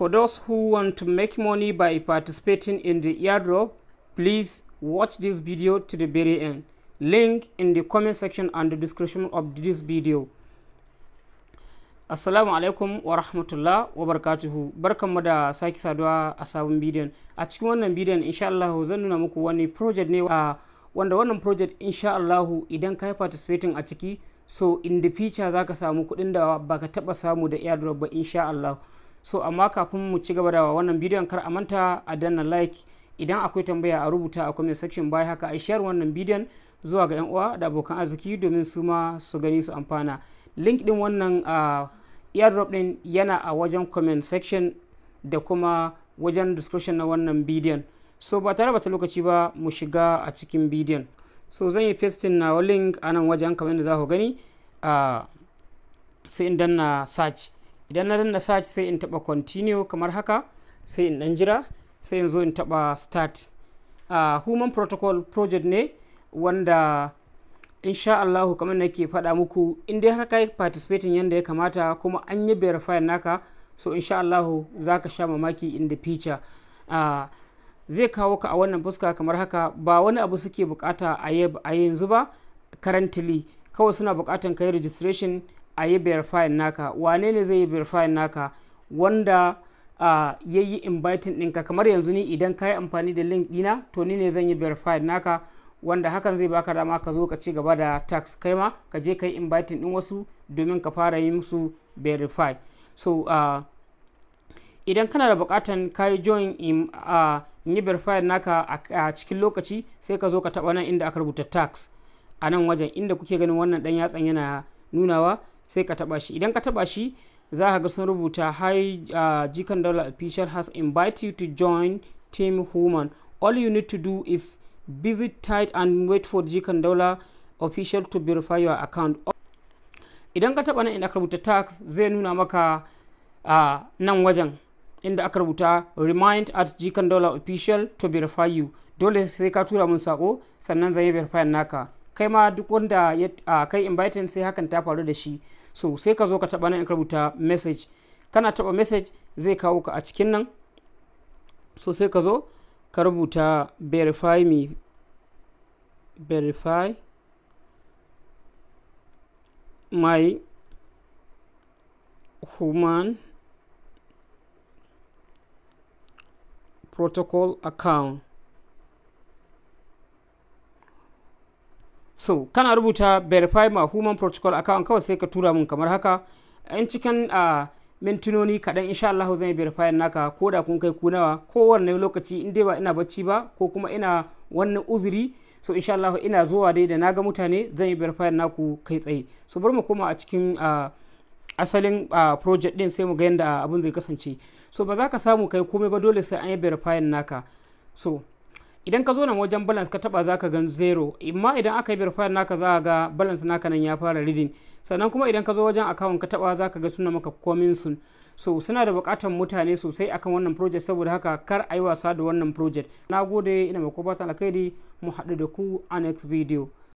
For those who want to make money by participating in the airdrop, please watch this video to the very end. Link in the comment section and the description of this video. Assalamu alaikum wa rahmatullah wa barakatuhu. Barkanmu da saki saduwa a sabon bidiyon. A cikin wannan bidiyon insha Allah zan nuna muku wani project ne a ah, wanda wannan project insha Allah idan ka yi participating a ciki so in the future zaka samu kuɗin da baka taba samu da airdrop ba insha Allah. so amma kafin mu ci gaba da wannan bidiyon kar a manta a danna like idan akwai tambaya a rubuta a comment section baya haka a share wannan bidiyon zuwa ga 'yan uwa da abokan arziki domin su ma su gani su amfana link din wannan airdrop din yana a wajen comment section da kuma wajen description na wannan bidiyon so ba tare bata lokaci ba mu shiga a cikin bidiyon so zan yi pasting na link a nan wajen kamar yadda za ku gani sai in danna search idan na danna search sai in taba continue kamar haka sai in dan jira sai in zo in taba start uh, human protocol project ne wanda insha Allahu kamar nake faɗa muku in dai har kai participating yanda ya kamata kuma an yi verify naka so insha Allahu za ka sha mamaki in the future uh, zai kawo ka a wannan fuska kamar haka ba wani abu suke bukata a yanzu ba currently kawai suna bukatan ka yi registration a yi verifying naka wane ne zai yi verifying naka wanda uh, ya yi inviting ɗinka kamar yanzu ni idan ka yi amfani da link ɗina to ni ne zan yi verifying naka wanda hakan zai baka dama ka zo ka ci gaba da tax kai ma ka je ka yi inviting ɗin wasu domin ka fara yi musu verify so uh, idan kana da bukatan ka yi join in yi verify naka a cikin lokaci sai ka zo ka taɓa nan inda aka rubuta tax a nan wajen inda kuke ganin wannan dan yatsan yana nunawa sai ka taba shi idan ka taba shi za ka ga sun rubuta hi uh, jikan dollar official has invited you to join team human all you need to do is visit tight and wait for jikan dollar official to verify your account idan ka taba nan inda aka rubuta tax zai nuna maka a uh, nan wajen inda aka rubuta remind at jikan dollar official to verify you dole sai ka tura mun sako sannan zai verify naka kai ma duk wanda ya kai inviting sai hakan ta faru da shi so sai ka zo ka taba nan in rubuta message kana taba message zai kawo ka a cikin nan so sai ka zo ka rubuta verify me verify my human protocol account so kana rubuta verify ma human protocol account kawai sai ka tura mun kamar haka in cikin a mintunoni kaɗan insha Allah zan yi verify naka ko da kun kai ku nawa kowanne lokaci in dai ba ina bacci ba ko kuma ina wannan uzuri so insha Allah ina zuwa dai da naga mutane zan yi verify naku kai tsaye so bari mu koma a cikin asalin project din sai mu ga yadda abin zai kasance so ba za ka samu kai komai ba dole sai an yi verify naka so idan ka zo na wajen balance ka taba zaka gan zero amma idan aka yi verify naka za ga balance naka nan ya fara reading sannan kuma idan ka zo wajen account ka taba zaka ga suna maka coming soon so suna da bukatan mutane sosai akan wannan project saboda haka kar a yi wasa da wannan project na gode ina mako fatan alkhairi mu haɗu da ku a next video